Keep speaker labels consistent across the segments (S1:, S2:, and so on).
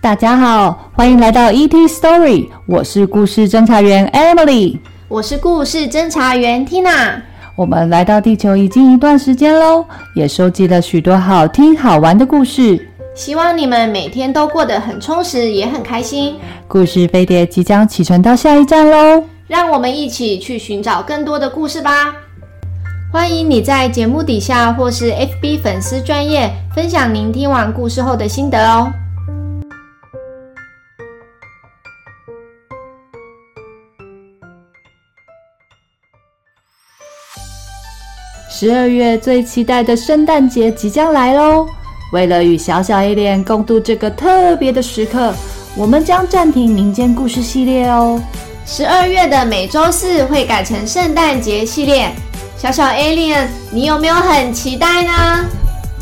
S1: 大家好，歡迎來到 ET Story，我是故事偵查員 Emily，我是故事偵查員 Tina。我們來到地球已經一段時間嘍，也收集了許多好聽好玩的故事，希望你們每天都過得很充實，也很開心。故事飛碟即將啟程到下一站嘍，讓我們一起去尋找更多的故事吧！歡迎你在節目底下或是 FB 粉絲專頁分享您聽完故事後的心得哦。十二月最期待的聖誕節即將來嘍！為了與小小 Alien 共度這個特別的時刻，我們將暫停民間故事系列哦。十二月的每週四會改成聖誕節系列。小小 Alien，你有沒有很期待呢？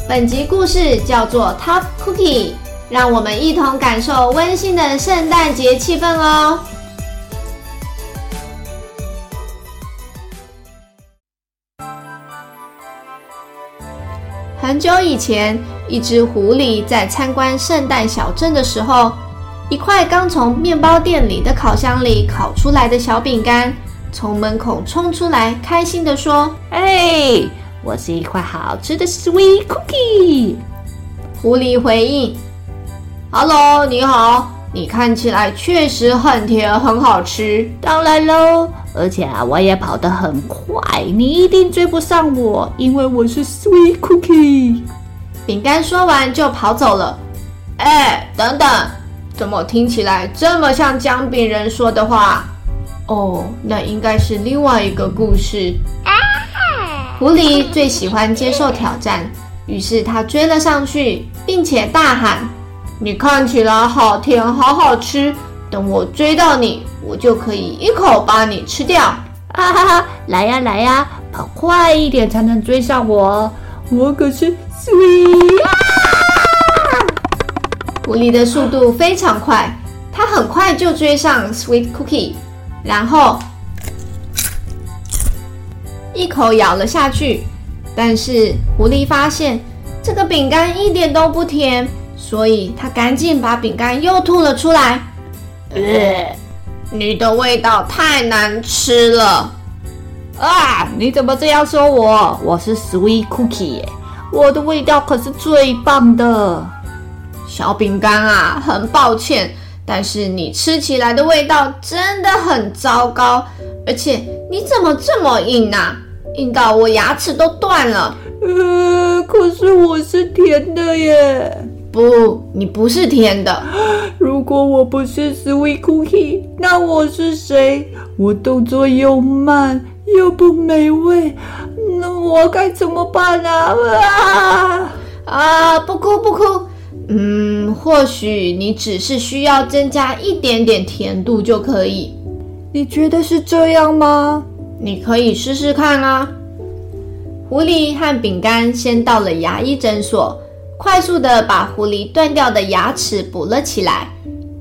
S1: 本集故事叫做 Tough Cookie，讓我們一同感受溫馨的聖誕節氣氛哦。很久以前，一隻狐狸在參觀聖誕小鎮的時候，一塊剛從麵包店裡的烤箱裡烤出來的小餅乾從門口衝出來，開心地說：“哎、hey，我是一塊好吃的 sweet cookie。”狐狸回應：“哈囉，你好。”你看起來確實很甜，很好吃。當然嘍，而且啊，我也跑得很快，你一定追不上我，因為我是 Sweet Cookie。餅乾說完就跑走了。哎、欸，等等，怎麼聽起來這麼像薑餅人說的話？哦，那應該是另外一個故事。狐狸最喜歡接受挑戰，於是他追了上去，並且大喊。你看起來好甜，好好吃。等我追到你，我就可以一口把你吃掉。啊哈哈！來呀來呀，跑快一點才能追上我。我可是 Sweet 啊！啊！狐狸的速度非常快，它很快就追上 Sweet Cookie，然後一口咬了下去。但是狐狸發現，這個餅乾一點都不甜。所以他趕緊把餅乾又吐了出來、呃。你的味道太難吃了。啊，你怎麼這樣說我？我是 Sweet Cookie，耶，我的味道可是最棒的。小餅乾啊，很抱歉，但是你吃起來的味道真的很糟糕。而且你怎麼這麼硬呢、啊？硬到我牙齒都斷了。呃、可是我是甜的耶。不，你不是甜的。如果我不是 Sweet Cookie，那我是誰？我動作又慢又不美味，那我該怎麼辦啊？啊！啊，不哭，不哭。嗯，或許你只是需要增加一點點甜度就可以。你覺得是這樣嗎？你可以試試看啊。狐狸和餅乾先到了牙醫診所。快速地把狐狸斷掉的牙齒補了起來。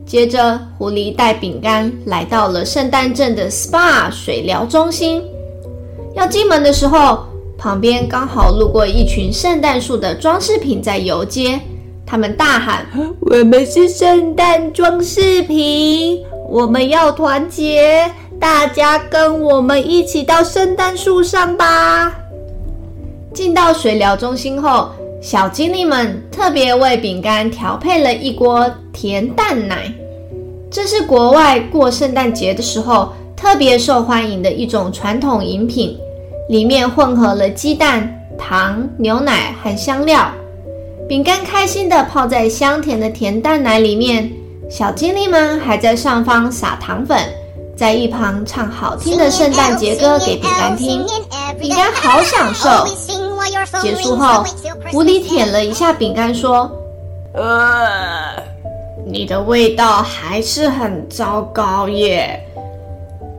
S1: 接着，狐狸帶餅乾來到了聖誕鎮的 SPA 水療中心。要進門的時候，旁邊剛好路過一群聖誕樹的裝飾品在遊街。他們大喊：“我們是聖誕裝飾品，我們要團結，大家跟我們一起到聖誕樹上吧！”進到水療中心後。小精靈們特別為餅乾調配了一鍋甜蛋奶，這是國外過聖誕節的時候特別受歡迎的一種傳統飲品，裡面混合了雞蛋、糖、牛奶和香料。餅乾開心地泡在香甜的甜蛋奶裡面，小精靈們還在上方撒糖粉，在一旁唱好聽的聖誕節歌給餅乾聽，餅乾好享受。結束後，狐狸舔了一下餅乾，說：“呃，你的味道還是很糟糕耶。”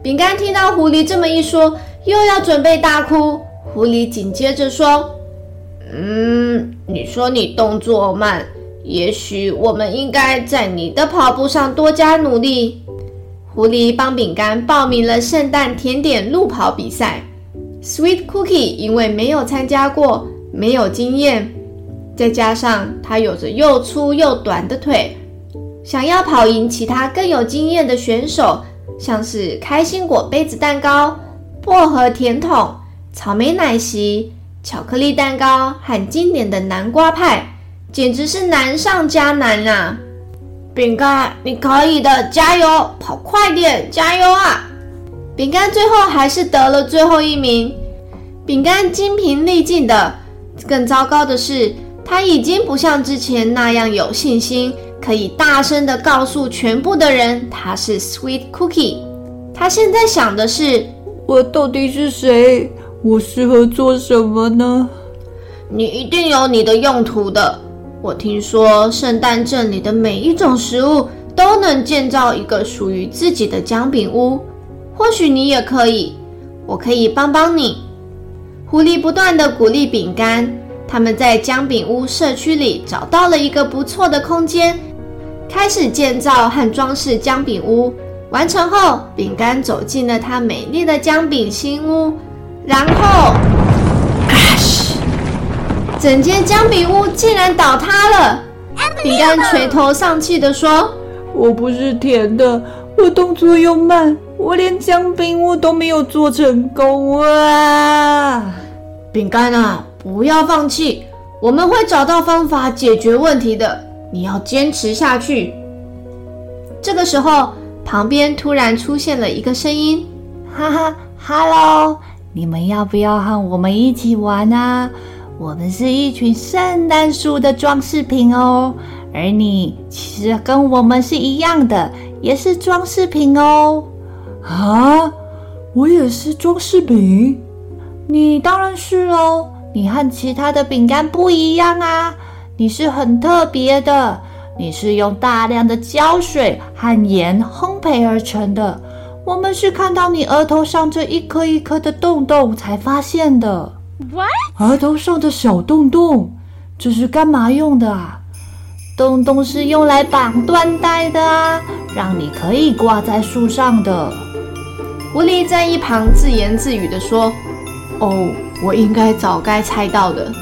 S1: 餅乾聽到狐狸這麼一說，又要準備大哭。狐狸緊接着說：“嗯，你說你動作慢，也許我們應該在你的跑步上多加努力。”狐狸幫餅乾報名了聖誕甜點路跑比賽。Sweet Cookie 因為沒有參加過，沒有經驗，再加上它有着又粗又短的腿，想要跑贏其他更有經驗的選手，像是開心果杯子蛋糕、薄荷甜筒、草莓奶昔、巧克力蛋糕，和經典的南瓜派，簡直是難上加難啊！餅乾，你可以的，加油，跑快點，加油啊！餅乾最後還是得了最後一名，餅乾精疲力盡的。更糟糕的是，他已經不像之前那樣有信心，可以大聲的告訴全部的人他是 Sweet Cookie。他現在想的是，我到底是誰？我適合做什麼呢？你一定有你的用途的。我聽說聖誕鎮裡的每一種食物都能建造一個屬於自己的薑餅屋。或許你也可以，我可以幫幫你。狐狸不斷的鼓勵餅乾，他們在薑餅屋社區裡找到了一個不錯的空間，開始建造和裝飾薑餅屋。完成後，餅乾走進了他美麗的薑餅新屋，然後，啊西！整間薑餅屋竟然倒塌了。餅乾垂頭喪氣的說：“我不是甜的。”我動作又慢，我連薑餅我都沒有做成功啊！餅乾啊，不要放棄，我們會找到方法解決問題的。你要堅持下去。這個時候，旁邊突然出現了一個聲音：“哈哈哈 e 你們要不要和我們一起玩啊？我們是一群聖誕樹的裝飾品哦，而你其實跟我們是一樣的。”也是裝飾品哦，啊，我也是裝飾品？你當然是哦。你和其他的餅乾不一樣啊，你是很特別的。你是用大量的膠水和鹽烘焙而成的。我們是看到你額頭上這一顆一顆的洞洞才發現的。What？額頭上的小洞洞，這是幹嘛用的啊？洞洞是用來綁緞帶的啊。讓你可以掛在樹上的。狐狸在一旁自言自語地說：“哦，我應該早該猜到的。”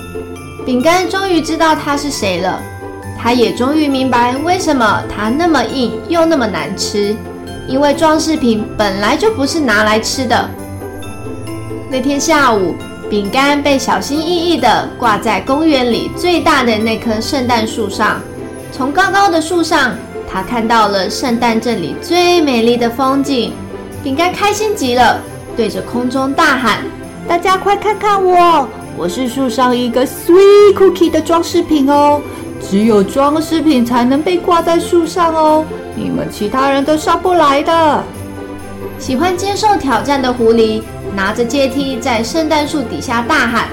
S1: 餅乾終於知道他是誰了，他也終於明白為什麼它那麼硬又那麼難吃，因為裝飾品本來就不是拿來吃的。那天下午，餅乾被小心翼翼地掛在公園裡最大的那棵聖誕樹上，從高高的樹上。他看到了聖誕鎮裡最美麗的風景，餅乾開心極了，對着空中大喊：“大家快看看我！我是樹上一個 sweet cookie 的裝飾品哦！只有裝飾品才能被掛在樹上哦，你們其他人都上不來的。”喜歡接受挑戰的狐狸拿着階梯在聖誕樹底下大喊：“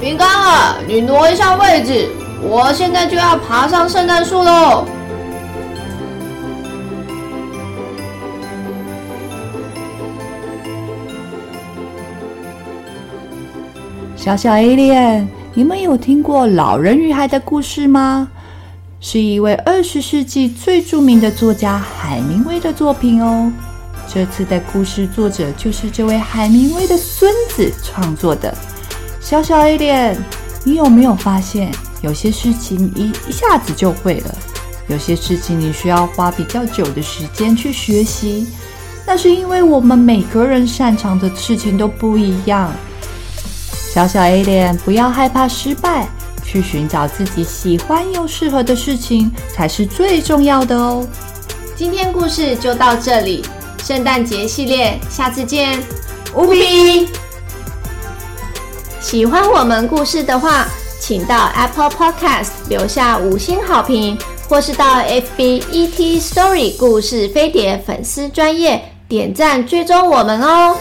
S1: 餅乾啊，你挪一下位置，我現在就要爬上聖誕樹嘍！”小小 Alien，你們有聽過《老人與海》的故事嗎？是一位二十世紀最著名的作家海明威的作品哦。這次的故事作者就是這位海明威的孫子創作的。小小 Alien，你有沒有發現，有些事情一一下子就會了，有些事情你需要花比較久的時間去學習，那是因為我們每個人擅長的事情都不一樣。小小 A 臉，不要害怕失敗，去尋找自己喜歡又適合的事情才是最重要的哦。今天故事就到這裡，聖誕節系列下次見，烏比。喜歡我們故事的話，請到 Apple Podcast 留下五星好評，或是到 FBET Story 故事飛碟粉絲專頁點讚追蹤我們哦。